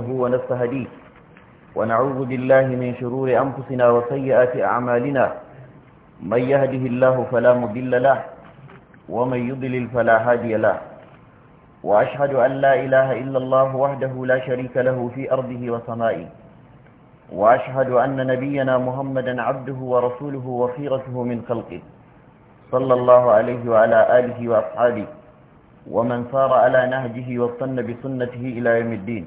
نحمده ونستهديه ونعوذ بالله من شرور أنفسنا وسيئات أعمالنا من يهده الله فلا مضل له ومن يضلل فلا هادي له وأشهد أن لا إله إلا الله وحده لا شريك له في أرضه وسمائه وأشهد أن نبينا محمدا عبده ورسوله وخيرته من خلقه صلى الله عليه وعلى آله وأصحابه ومن سار على نهجه واصطن بسنته إلى يوم الدين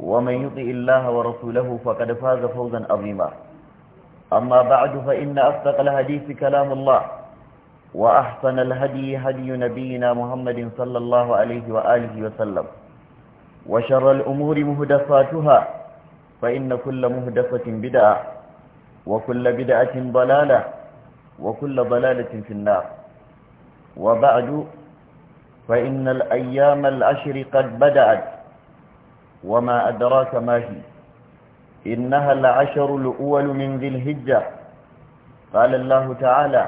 ومن يطع الله ورسوله فقد فاز فوزا عظيما أما بعد فإن أصدق الحديث كلام الله وأحسن الهدي هدي نبينا محمد صلى الله عليه وآله وسلم وشر الأمور مهدفاتها فإن كل مهدفة بدعة وكل بدعة ضلالة وكل ضلالة في النار وبعد فإن الأيام العشر قد بدأت وما أدراك ما هي إنها العشر الأول من ذي الهجة قال الله تعالى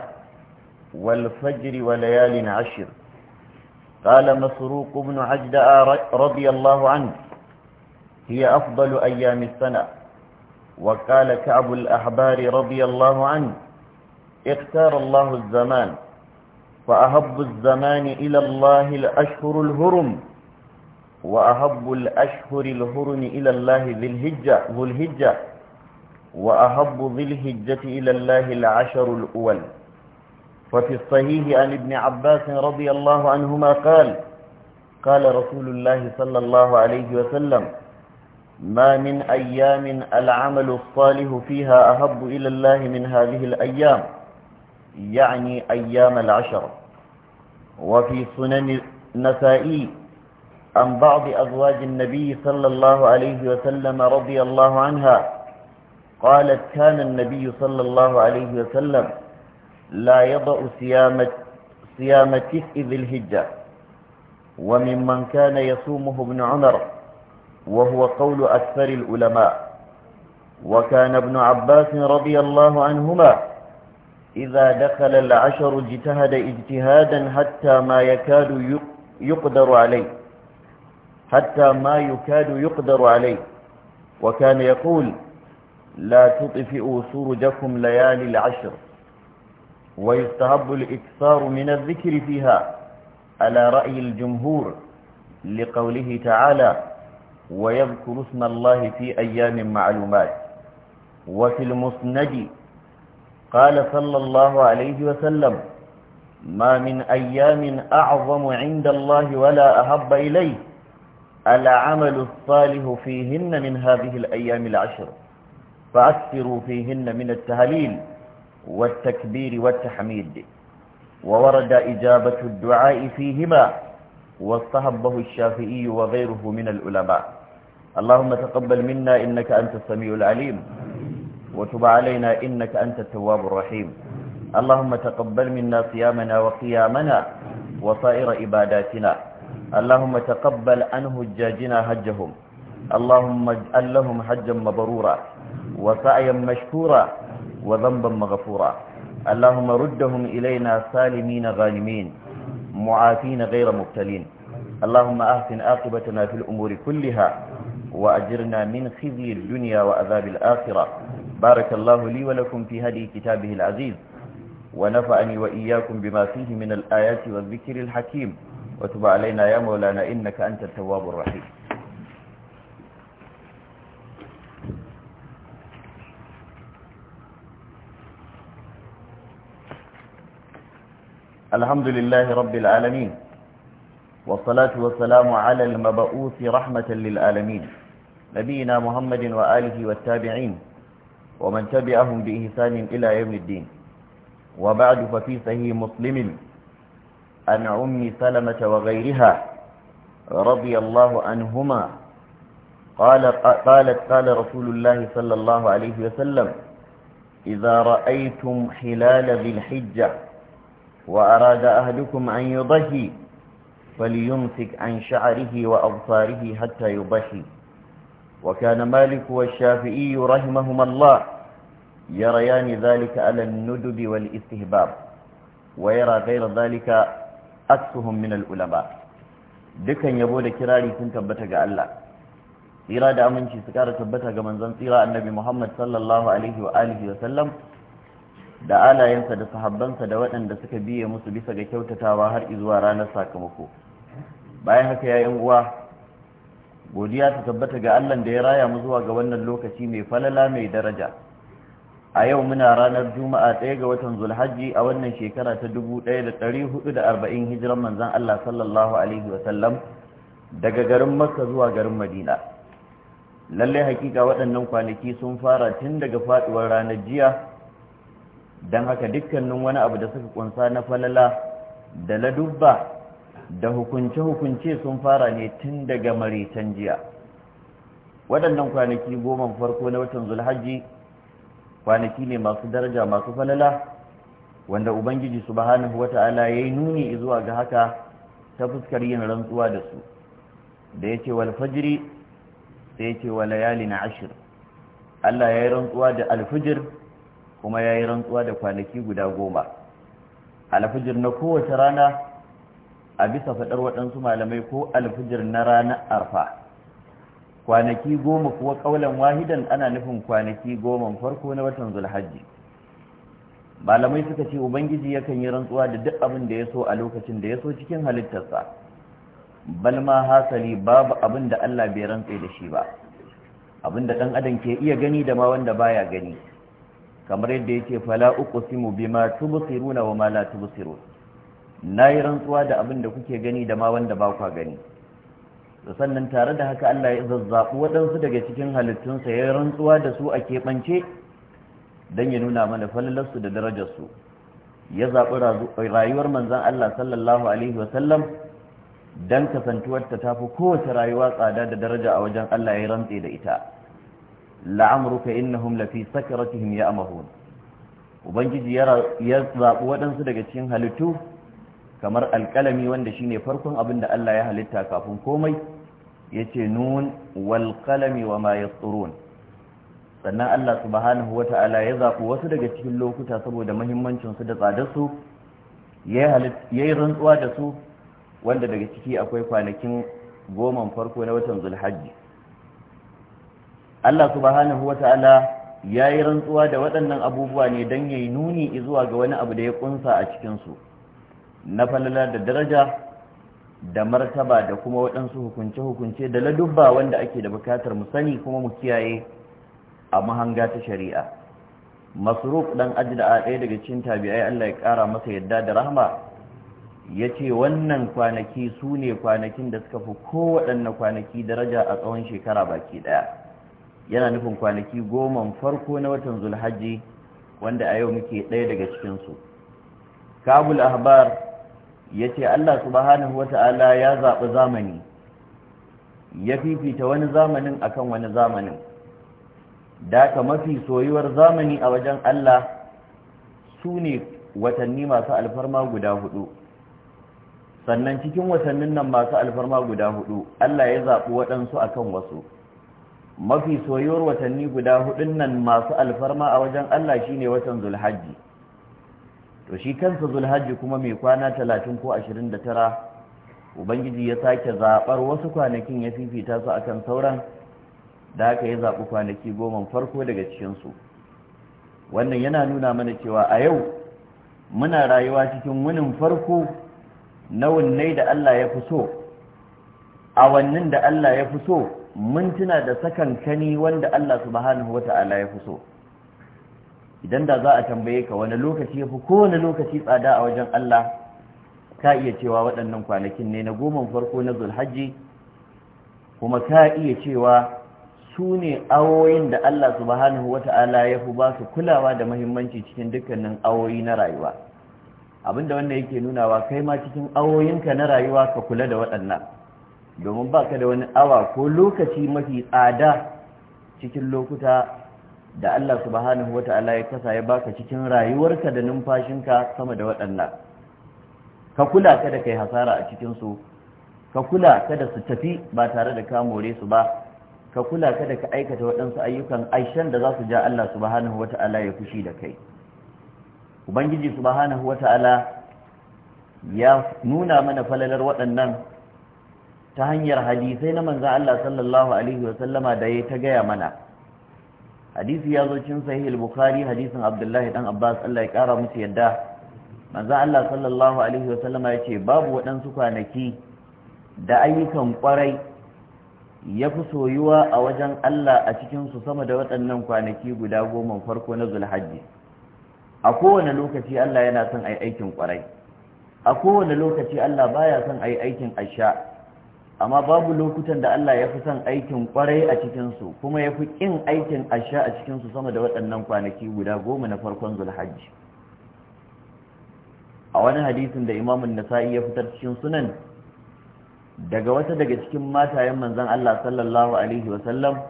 والفجر وليال عشر قال مسروق بن عجداء رضي الله عنه هي أفضل أيام السنة وقال كعب الأحبار رضي الله عنه اختار الله الزمان فأهب الزمان إلى الله الأشهر الهرم وأهب الأشهر الحرم إلى الله ذي الهجة ذو الهجة وأهب ذي الهجة إلى الله العشر الأول وفي الصحيح عن ابن عباس رضي الله عنهما قال قال رسول الله صلى الله عليه وسلم ما من أيام العمل الصالح فيها أهب إلى الله من هذه الأيام يعني أيام العشر وفي سنن نسائي عن بعض أزواج النبي صلى الله عليه وسلم رضي الله عنها قالت كان النبي صلى الله عليه وسلم لا يضع صيام صيام تسع ذي الهجة وممن كان يصومه ابن عمر وهو قول أكثر العلماء وكان ابن عباس رضي الله عنهما إذا دخل العشر اجتهد اجتهادا حتى ما يكاد يقدر عليه حتى ما يكاد يقدر عليه وكان يقول لا تطفئوا سرجكم ليالي العشر ويستحب الإكثار من الذكر فيها على رأي الجمهور لقوله تعالى ويذكر اسم الله في أيام معلومات وفي المسند قال صلى الله عليه وسلم ما من أيام أعظم عند الله ولا أحب إليه العمل الصالح فيهن من هذه الأيام العشر فأكثروا فيهن من التهليل والتكبير والتحميد وورد إجابة الدعاء فيهما واستحبه الشافعي وغيره من العلماء اللهم تقبل منا إنك أنت السميع العليم وتب علينا إنك أنت التواب الرحيم اللهم تقبل منا صيامنا وقيامنا وصائر عباداتنا اللهم تقبل عن حجاجنا حجهم اللهم اجعل لهم حجا مبرورا وسعيا مشكورا وذنبا مغفورا اللهم ردهم إلينا سالمين غانمين معافين غير مبتلين اللهم أحسن عاقبتنا في الأمور كلها وأجرنا من خزي الدنيا وعذاب الآخرة بارك الله لي ولكم في هدي كتابه العزيز ونفعني وإياكم بما فيه من الآيات والذكر الحكيم وتب علينا يا مولانا إنك أنت التواب الرحيم الحمد لله رب العالمين والصلاة والسلام على المبؤوس رحمة للعالمين نبينا محمد وآله والتابعين ومن تبعهم بإحسان إلى يوم الدين وبعد ففي صحيح مسلم عن أم سلمة وغيرها رضي الله عنهما قال قالت قال رسول الله صلى الله عليه وسلم إذا رأيتم حلال ذي الحجة وأراد أهلكم أن يضحي فليمسك عن شعره وأبصاره حتى يضحي وكان مالك والشافعي رحمهما الله يريان ذلك على الندب والاستهباب ويرى غير ذلك aksuhum min al-ulama dukan yabo da kirari sun tabbata ga Allah tsira da aminci su kara tabbata ga manzan tsira annabi Muhammad sallallahu alaihi wa alihi wa sallam da alayensa da sahabbansa da waɗanda suka biye musu bisa ga kyautatawa har izuwa ranar sakamako bayan haka ya yan uwa godiya ta tabbata ga Allah da ya raya mu zuwa ga wannan lokaci mai falala mai daraja a yau muna ranar juma'a ɗaya ga watan zulhajji a wannan shekara ta dubu da da ɗari hudu arba'in hijiran manzan Allah sallallahu alaihi wasallam daga garin makka zuwa garin madina lallai hakika waɗannan kwanaki sun fara tun daga faɗuwar ranar jiya don haka dukkanin wani abu da suka kunsa na falala da ladubba da hukunce-hukunce sun fara ne tun daga maritan jiya waɗannan kwanaki goma farko na watan zulhajji kwanaki ne masu daraja masu falala wanda ubangiji subhanahu wata'ala yi nuni zuwa ga haka ta fuskar yin rantsuwa da su da ya wal walfajiri sai yace wal layalin ashir. Allah ya yi rantsuwa da alfijir kuma ya yi rantsuwa da kwanaki guda goma Alfijir na kowace rana a bisa faɗar waɗansu malamai ko alfijir na ranar arfa kwanaki goma kuwa kaulan wahidan ana nufin kwanaki goma farko na watan zulhajji malamai suka ce ubangiji yakan yi rantsuwa da duk abin da ya so a lokacin da ya so cikin halittarsa balma hasali babu abin da Allah bai rantse da shi ba abin da ɗan adam ke iya gani da ma wanda baya gani kamar yadda yake fala uqsimu bima tubsiruna wa ma la tubsirun nayi rantsuwa da abin da kuke gani da ma wanda ba kwa gani sannan tare da haka Allah ya zazzabu waɗansu daga cikin halittunsa ya rantsuwa da su a keɓance don ya nuna mana falalarsu da darajarsu ya zaɓi rayuwar manzan Allah sallallahu Alaihi wasallam don kasantuwarta ta fi kowace rayuwa tsada da daraja a wajen Allah ya rantse da ita la'amuruka innahum lafi sakaratihim ya amahun ubangiji ya zaɓi waɗansu daga cikin halittu kamar alƙalami wanda shine farkon abin da Allah ya halitta kafin komai yace nun wal qalami wama yasrun sannan Allah subhanahu wata'ala ya zafu wasu daga cikin lokuta saboda muhimmancin su da tsadar su yayi rantsuwa da su wanda daga ciki akwai kwanakin goma farko na watan Zulhajji Allah subhanahu wata'ala yayi rantsuwa da waɗannan abubuwa ne dan yayi nuni zuwa ga wani abu da ya kunsa a cikin su na falala da daraja da martaba da kuma waɗansu hukunce-hukunce da ladubba wanda ake da bukatar mu sani kuma mu kiyaye a mahanga ta shari'a ɗan dan a ɗaya daga cikin tabi'ai Allah ya ƙara masa yadda da rahama. Ya ce wannan kwanaki su ne kwanakin da suka fi kowaɗanne kwanaki daraja a tsawon shekara baki ɗaya yana nufin kwanaki goma farko na watan Zulhaji, wanda a yau muke ɗaya daga cikinsu kabul ahbar Ya ce Allah subhanahu wata'ala ya zaɓi zamani ya fifita wani zamanin akan wani zamanin daka mafi soyuwar zamani a wajen Allah su ne watanni masu alfarma guda hudu sannan cikin watannin nan masu alfarma guda hudu Allah ya zaɓi waɗansu akan wasu mafi soyuwar watanni guda hudun nan masu alfarma a wajen Allah shine watan zulhajji to shi kansa zulhajji kuma mai kwana talatin ko ashirin da tara ubangiji ya sake zaɓar wasu kwanakin ya fifita su akan sauran da aka yi zaɓi kwanaki goma farko daga cikinsu wannan yana nuna mana cewa a yau muna rayuwa cikin wunin farko na wunnai da Allah ya fi so awannin da Allah ya fi so mintuna da sakankani wanda Allah subhanahu wata'ala ya fi so idan da za a tambaye ka wani lokaci ya fi kowane lokaci tsada a wajen Allah ka iya cewa waɗannan kwanakin ne na goma farko na zulhajji kuma ka iya cewa su ne awoyin da Allah subhanahu wata'ala ya fi ba su kulawa da mahimmanci cikin dukkanin awoyi na rayuwa abinda wannan yake nunawa kai ma cikin awoyinka na rayuwa ka kula da waɗannan domin ba ka da wani awa ko lokaci mafi tsada cikin lokuta da Allah subhanahu ta'ala ya kasa ya baka cikin rayuwarka da numfashinka sama da waɗannan ka kula kada kai hasara a cikin su ka kula kada su tafi ba tare da ka more su ba ka kula kada ka aikata waɗansu ayyukan aishan da za su ja Allah subhanahu ta'ala ya fushi da kai ubangiji subhanahu ta'ala ya nuna mana falalar waɗannan ta hanyar hadisai na manzan Allah sallallahu alaihi sallama da ya ta gaya mana hadisi ya zo cin sahih al-bukhari hadisin abdullahi dan abbas Allah ya kara musu yadda manzo Allah sallallahu alaihi wa sallama yace babu waɗansu kwanaki da ayyukan kwarai ya fi soyuwa a wajen Allah a cikin su sama da waɗannan kwanaki guda goma farko na Zulhajji a kowane lokaci Allah yana son ayi aikin kwarai a kowane lokaci Allah baya son ayi aikin asha amma babu lokutan da Allah ya fi son aikin kwarai a cikinsu kuma ya fi ƙin aikin asha a cikinsu sama da waɗannan kwanaki guda goma na farkon zulhajji a wani hadisin da imamun nasa'i ya fitar cikin sunan daga wata daga cikin matayen manzan Allah sallallahu alaihi wasallam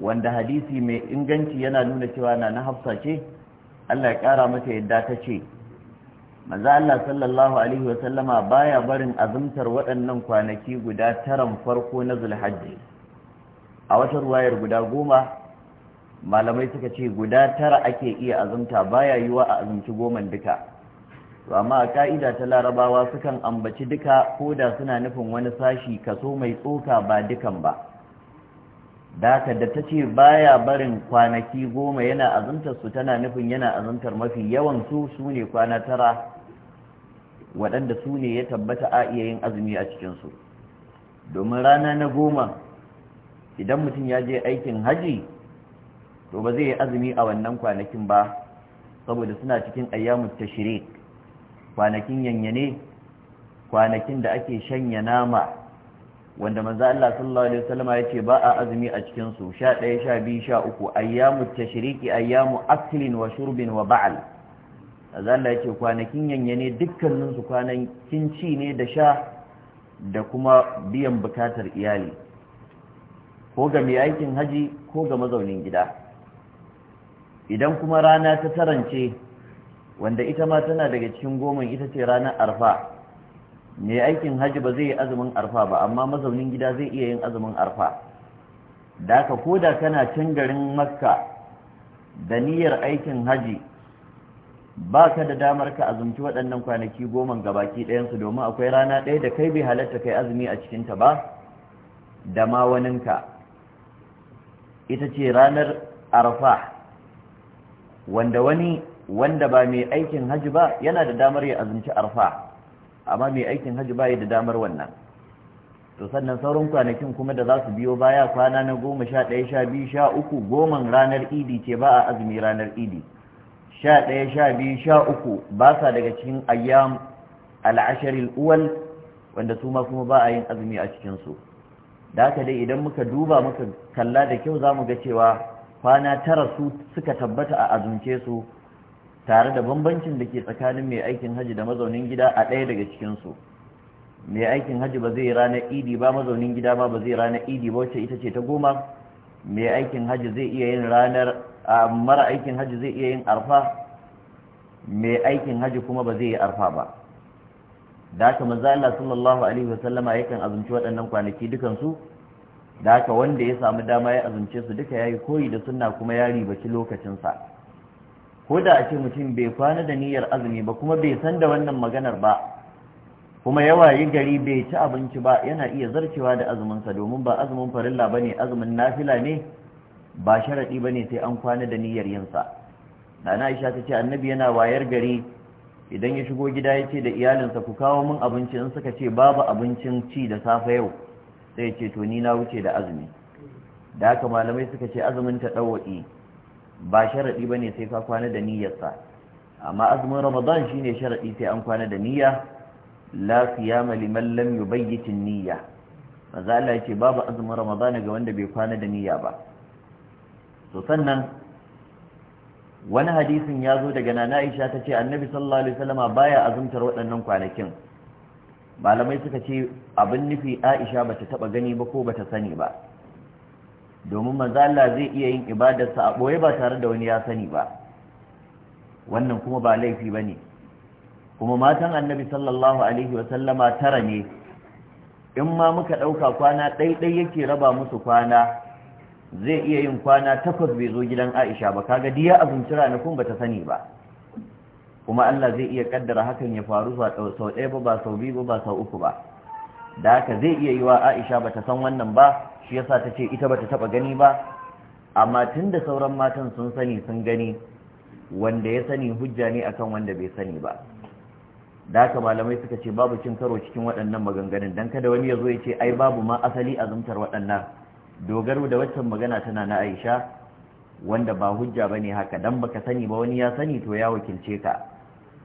wanda hadisi mai inganci yana nuna cewa na na hafsa ce Allah ya ƙara mata yadda ta ce manzo Allah sallallahu alaihi wa sallama baya barin azumtar waɗannan kwanaki guda taran farko na Zulhajji a wata ruwayar guda goma malamai suka ce guda tara ake iya azumta baya yiwa a azumci goma duka to amma a ka'ida ta larabawa sukan ambaci duka ko da suna nufin wani sashi kaso mai tsoka ba dukan ba da da ta ce baya barin kwanaki goma yana azumtar su tana nufin yana azumtar mafi yawan su su ne kwana tara waɗanda su ne ya tabbata a iya yin azumi a cikinsu domin rana na goma idan mutum ya je aikin haji to ba zai yi azumi a wannan kwanakin ba saboda suna cikin ayyamun tashrik kwanakin yanyane kwanakin da ake shanya nama wanda manzo Allah sallallahu alaihi wasallam ya ce ba a azumi a cikin su 11 12 13 ayyamu tashriki ayyamu aklin wa shurbin wa ba'al azza Allah yake kwanakin yanyane dukkanin su kwanakin kinci ne da sha da kuma biyan bukatar iyali ko ga mai aikin haji ko ga mazaunin gida idan kuma rana ta tarance wanda ita ma tana daga cikin goma ita ce ranar arfa mai aikin haji ba zai yi azumin arfa ba amma mazaunin gida zai iya yin azumin arfa da ka koda kana can garin makka da niyyar aikin haji ba ka da damar ka azumci waɗannan kwanaki goman gabaki ɗayansu domin akwai rana ɗaya da kai bai halatta kai azumi a cikinta ba da ma ita ce ranar arfa wanda wani wanda ba mai aikin hajji ba yana da damar ya azumci arfa amma mai aikin hajji ba ya da damar wannan to sannan sauran kwanakin kuma da za su biyo baya kwana na goma sha ɗaya sha biyu sha uku goman ranar idi ce ba a azumi ranar idi sha ɗaya sha biyu sha uku ba sa daga cikin ayyam al'asharil uwal wanda su ma kuma ba a yin azumi a cikinsu da haka dai idan muka duba muka kalla da kyau za mu ga cewa kwana tara su suka tabbata a azumce su tare da bambancin da ke tsakanin mai aikin haji da mazaunin gida a ɗaya daga cikinsu mai aikin haji ba zai ranar idi ba mazaunin gida ba ba zai ranar idi ba wacce ita ce ta goma mai aikin haji zai iya yin ranar mara aikin hajji zai iya yin arfa mai aikin hajji kuma ba zai yi arfa ba da haka manzo Allah sallallahu alaihi wasallama yakan azumci waɗannan kwanaki dukansu da haka wanda ya samu dama ya azumce su duka yayi koyi da sunna kuma ya ribaci lokacin sa ko da a ce mutum bai kwana da niyyar azumi ba kuma bai san da wannan maganar ba kuma yawa yi gari bai ci abinci ba yana iya zarcewa da azuminsa domin ba azumin farilla ba ne azumin nafila ne ba sharaɗi ba ne sai an kwana da niyyar yinsa na Aisha ta ce annabi yana wayar gari idan ya shigo gida ya ce da iyalinsa ku kawo min abinci in suka ce babu abincin ci da safe yau sai ya ce to ni na wuce da azumi da haka malamai suka ce azumin ta ɗawa'i ba sharaɗi ba ne sai ka kwana da niyyarsa amma azumin ramadan shine sharaɗi sai an kwana da niyya Lafiya siyama liman lam yubayyit niyya maza Allah ya ce babu azumin ramadan ga wanda bai kwana da niyya ba to sannan wani hadisin ya zo daga nana aisha ta ce annabi sallallahu alaihi wasallama baya azumtar waɗannan kwanakin malamai suka ce abin nufi aisha bata taɓa gani ba ko bata sani ba domin manzo Allah zai iya yin ibadarsa a boye ba tare da wani ya sani ba wannan kuma ba laifi ba ne. kuma matan annabi sallallahu alaihi wasallama tara ne in ma muka ɗauka kwana ɗaiɗai yake raba musu kwana zai iya yin kwana takwas bai zo gidan Aisha ba kaga diya abinci ranakun bata sani ba kuma Allah zai iya kaddara hakan ya faru sau ɗaya ba ba sau biyu ba ba sau uku ba da haka zai iya yi wa Aisha bata san wannan ba shi yasa ta ce ita bata taɓa gani ba amma tun da sauran matan sun sani sun gani wanda ya sani hujja ne akan wanda bai sani ba da haka malamai suka ce babu cin karo cikin waɗannan maganganun dan kada wani ya zo ya ce ai babu ma asali azumtar waɗannan dogaro da waccan magana tana na aisha wanda ba hujja ba ne haka dan baka sani ba wani ya sani to ya wakilce ka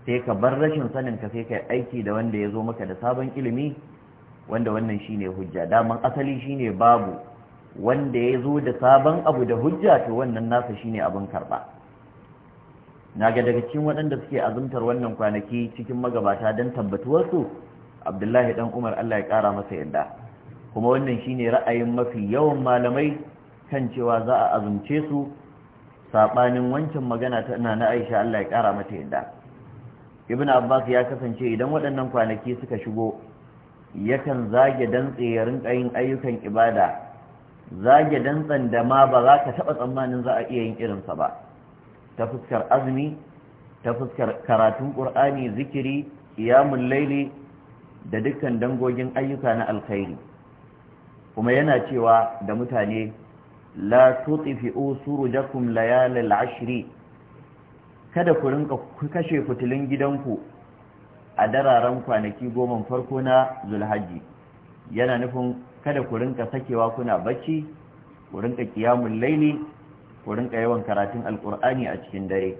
sai ka bar rashin sanin ka sai ka aiki da wanda ya zo maka da sabon ilimi wanda wannan shine hujja daman asali shine babu wanda ya zo da sabon abu da hujja to wannan nasa shine abin karba na ga daga cikin waɗanda suke azumtar wannan kwanaki cikin magabata don tabbatuwarsu abdullahi dan umar allah ya ƙara masa yadda kuma wannan shine ra'ayin mafi yawan malamai kan cewa za a azumce su saɓanin wancan magana ta ina na Aisha Allah ya kara mata yadda Ibn Abbas ya kasance idan waɗannan kwanaki suka shigo yakan zage dantse ya rinka yin ayyukan ibada zage dantsan da ma ba za ka taɓa tsammanin za a iya yin irinsa ba ta fuskar azumi ta fuskar karatun ƙur'ani zikiri iyamun laili da dukkan dangogin ayyuka na alkhairi kuma yana cewa da mutane la tutfi'u usurujakum layal al-ashri kada ku rinka kashe fitilun gidanku a dararen kwanaki goma farko na zulhaji yana nufin kada ku rinka sakewa kuna bacci ku rinka kiyamun laili ku rinka yawan karatun alkur'ani a cikin dare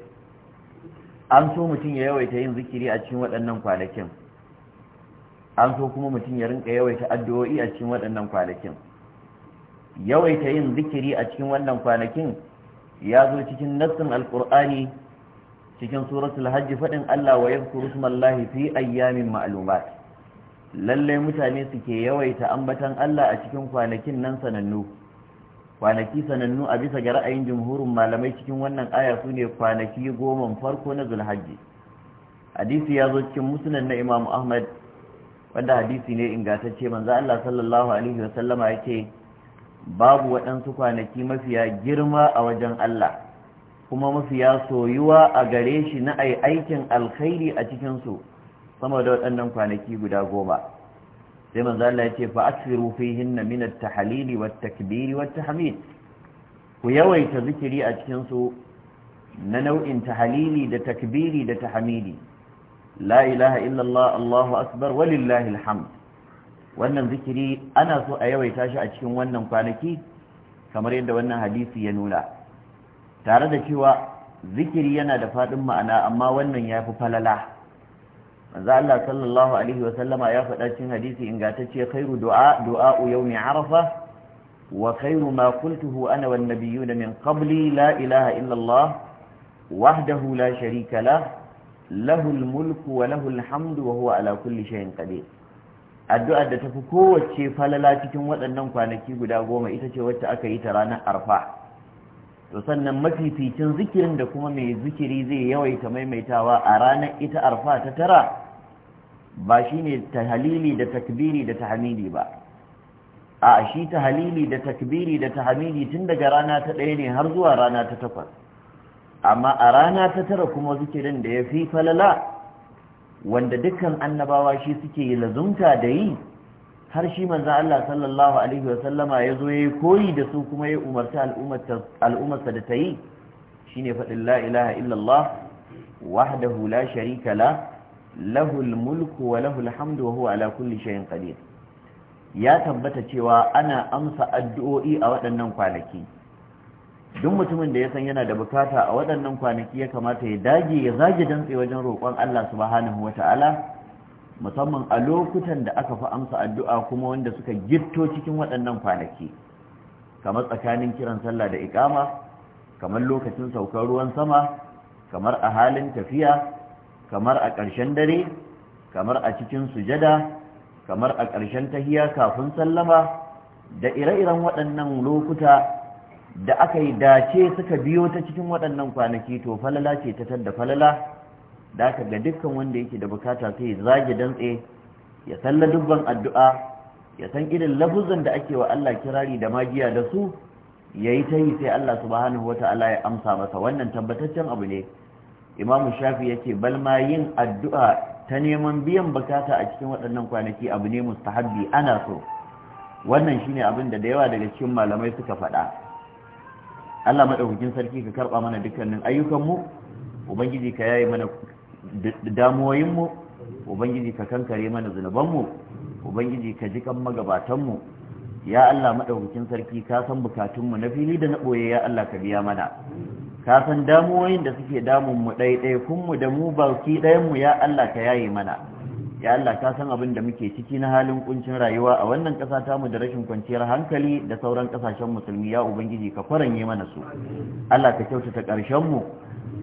an so mutum ya yawaita yin zikiri a cikin waɗannan kwanakin an so kuma mutum ya rinka yawaita addu'o'i a cikin waɗannan kwanakin yawaita yin zikiri a cikin wannan kwanakin ya zo cikin nassin Alƙur'ani cikin suratul hajji faɗin Allah wa yadhkuru smallahi fi ayyamin ma'lumat lalle mutane suke yawaita ambatan Allah a cikin kwanakin nan sanannu kwanaki sanannu a bisa ga ra'ayin jumhurin malamai cikin wannan aya su kwanaki goma farko na zulhajji hadisi ya zo cikin musnad na Imam Ahmad wanda hadisi ne ingantacce manzo Allah sallallahu alaihi wa sallama yake babu waɗansu kwanaki mafiya girma a wajen Allah kuma mafiya soyuwa a gare shi na ai aikin alkhairi a cikin su sama da waɗannan kwanaki guda goma sai manzo Allah ya ce fa aksiru fihinna min at-tahlil wat-takbir wat-tahmid ku yawaita zikiri a cikin su na nau'in tahlili da takbiri da tahmidi la ilaha illallah Allahu akbar walillahi alhamd wannan zikiri ana so a yawaita shi a cikin wannan kwanaki kamar yadda wannan hadisi ya nuna tare da cewa zikiri yana da faɗin ma'ana amma wannan ya fi falala manzo Allah sallallahu alaihi wa sallama ya faɗa cikin hadisi ingantacce khairu du'a du'a'u yawmi arafa wa khairu ma qultuhu ana wan nabiyyun min qabli la ilaha illa Allah wahdahu la sharika lahu lahul mulku wa lahul hamdu على كل شيء قدير shay'in addu'ar da tafi kowace falala cikin waɗannan kwanaki guda goma ita ce wacce aka yi ta ranar arfa to sannan mafificin zikirin da kuma mai zikiri zai yawaita maimaitawa a ranar ita arfa ta tara ba shine ne tahalili da takbiri da hamidi ba a shi tahlili da takbiri da hamidi, tun daga rana ta ɗaya ne har zuwa rana ta takwas amma a rana ta tara kuma zikirin da ya fi falala wanda dukkan annabawa shi suke yi lazumta da yi har shi manzan Allah sallallahu Alaihi wasallama ya zo ya yi koyi da su kuma ya umarta al'ummarsa da ta yi shi ne faɗin la'ilaha illallah wahdahu la sharika la lahul mulku wa lahul hamdu wa huwa ala kulli shayin qadir ya tabbata cewa ana amsa addu'o'i a waɗannan kwanaki duk mutumin da ya san yana da bukata a waɗannan kwanaki ya kamata ya dage ya zage dantse wajen roƙon Allah subhanahu wata'ala musamman a lokutan da aka fi amsa addu'a kuma wanda suka gitto cikin waɗannan kwanaki kamar tsakanin kiran sallah da iƙama kamar lokacin saukar ruwan sama kamar a halin tafiya kamar a ƙarshen dare kamar a cikin sujada kamar a ƙarshen tahiya kafin sallama da ire-iren waɗannan lokuta da aka yi dace suka biyo ta cikin waɗannan kwanaki to falala ce ta tadda falala da aka ga dukkan wanda yake da bukata sai ya zage dantse ya salla dubban addu'a ya san irin lafuzan da ake wa Allah kirari da magiya da su yayi ta yi sai Allah subhanahu wata'ala ya amsa masa wannan tabbataccen abu ne imamu shafi yake bal ma yin addu'a ta neman biyan bukata a cikin waɗannan kwanaki abu ne mustahabbi ana so wannan shine abin da da yawa daga cikin malamai suka faɗa Allah madaukakin sarki ka karba mana dukkanin ayyukan mu ubangiji ka yaye mana damuwoyin mu ubangiji ka kankare mana zunuban mu ubangiji ka ji kan magabatan mu ya Allah madaukakin sarki ka san bukatun na fili da na boye ya Allah ka biya mana ka san damuwoyin da suke damun mu mu da mu baki ɗayanmu ya Allah ka yaye mana ya Allah ka san abin da muke ciki na halin kuncin rayuwa a wannan ƙasa ta mu da rashin kwanciyar hankali da sauran ƙasashen musulmi ya ubangiji ka faranye mana su Allah ka kyautata ƙarshen mu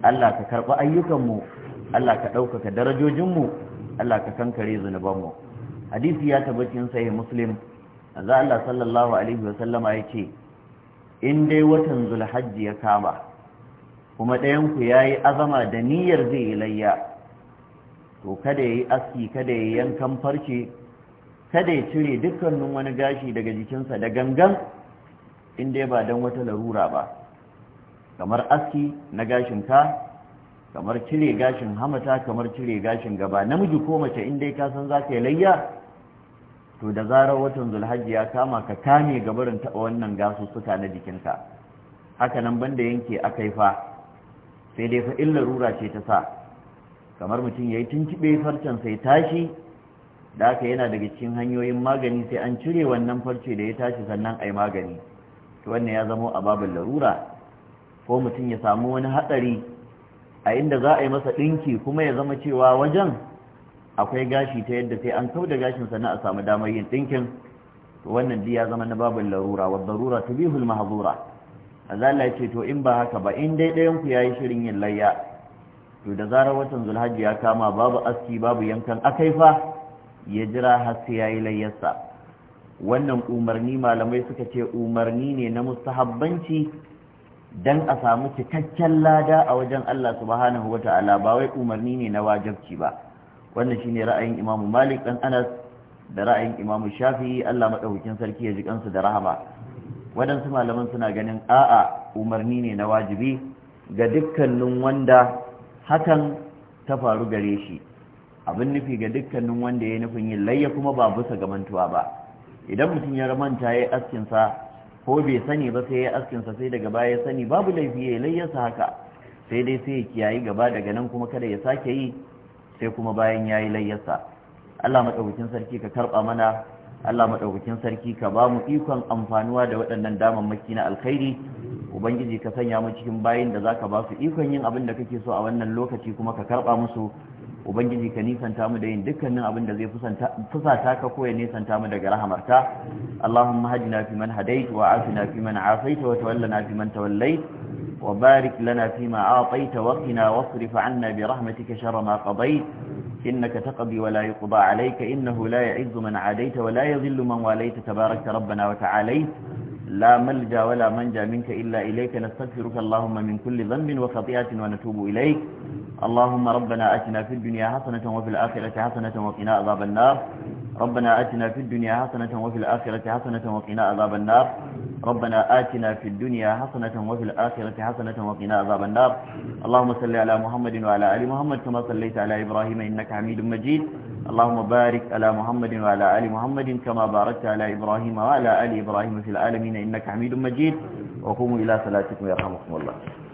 Allah ka karɓi ayyukan mu Allah ka ɗaukaka darajojin mu Allah ka kankare zunuban mu hadisi ya tabbatin sahih muslim manzo Allah sallallahu alaihi wa sallama yace in dai watan zulhajji ya kama kuma ɗayan ku yayi azama da niyyar zai yi layya. to kada ya yi aski kada ya yankan farce kada ya cire dukkanin wani gashi daga jikinsa da gangan inda ba don wata larura ba kamar aski na gashin ka kamar cire gashin hamata kamar cire gashin gaba namiji ko mace inda ka san za ka yi layya to da zarar watan zulhajji ya kama ka kame gabarin taɓa wannan gasu suka na jikinka haka nan banda yanke akaifa sai dai fa'in larura ce ta sa kamar mutum ya yi tuntuɓe farcen sai tashi da aka yana daga cikin hanyoyin magani sai an cire wannan farce da ya tashi sannan a yi magani to wannan ya zamo a babin larura ko mutum ya samu wani hatsari a inda za a yi masa ɗinki kuma ya zama cewa wajen akwai gashi ta yadda sai an kau da gashin sannan a samu damar yin ɗinkin to wannan duk ya zama na babin larura wa darura bihul mahazura Allah ya ce to in ba haka ba in dai ɗayan ku yayi shirin yin layya to da zarar watan zulhajji ya kama babu aski babu yankan akaifa ya jira har sai yayi layyarsa wannan umarni malamai suka ce umarni ne na mustahabbanci dan a samu cikakken lada a wajen Allah subhanahu wata'ala ba wai umarni ne na wajibci ba wannan shine ra'ayin Imam Malik dan Anas da ra'ayin Imam Shafi'i Allah madaukakin sarki ya ji kansu da rahama wadansu malaman suna ganin a'a umarni ne na wajibi ga dukkanin wanda hakan ta faru gare shi abin nufi ga dukkanin wanda ya nufin yin layya kuma ba bisa ga mantuwa ba idan mutum ya ramanta ya yi askinsa ko bai sani ba sai ya yi askinsa sai daga baya ya sani babu laifi ya yi layyarsa haka sai dai sai ya kiyayi gaba daga nan kuma kada ya sake yi sai kuma bayan ya yi layyarsa Allah maɗaukakin sarki ka karɓa mana Allah maɗaukakin sarki ka ba mu ikon amfanuwa da waɗannan damammaki na alkhairi ubangiji ka sanya mu cikin bayin da zaka ba su ikon yin abin da kake so a wannan lokaci kuma ka karba musu ubangiji ka nisanta mu da yin dukkanin abin da zai fusata ka ko ya nisanta mu daga rahamarka allahumma hajina fi man hadait wa afina fi man afait wa tawallana fi man tawallait wa barik lana fi ma ataita wa qina wasrif anna bi rahmatika sharra ma qadait إنك تقضي ولا يقضى عليك إنه لا يعز من عاديت ولا يذل من واليت تبارك ربنا وتعاليت لا ملجا ولا منجا منك إلا إليك نستغفرك اللهم من كل ذنب وخطيئة ونتوب إليك اللهم ربنا أتنا في الدنيا حسنة وفي الآخرة حسنة وقنا عذاب النار ربنا آتنا في الدنيا حسنة وفي الآخرة حسنة وقنا عذاب النار ربنا آتنا في الدنيا حسنة وفي الآخرة حسنة وقنا عذاب النار اللهم صل على محمد وعلى آل محمد كما صليت على إبراهيم إنك حميد مجيد اللهم بارك على محمد وعلى آل محمد كما باركت على إبراهيم وعلى آل إبراهيم في العالمين إنك حميد مجيد وقوموا إلى صلاتكم يرحمكم الله